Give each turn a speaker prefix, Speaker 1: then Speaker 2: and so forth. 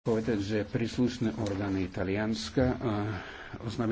Speaker 1: povedať, že príslušné orgány Talianska eh, oznámili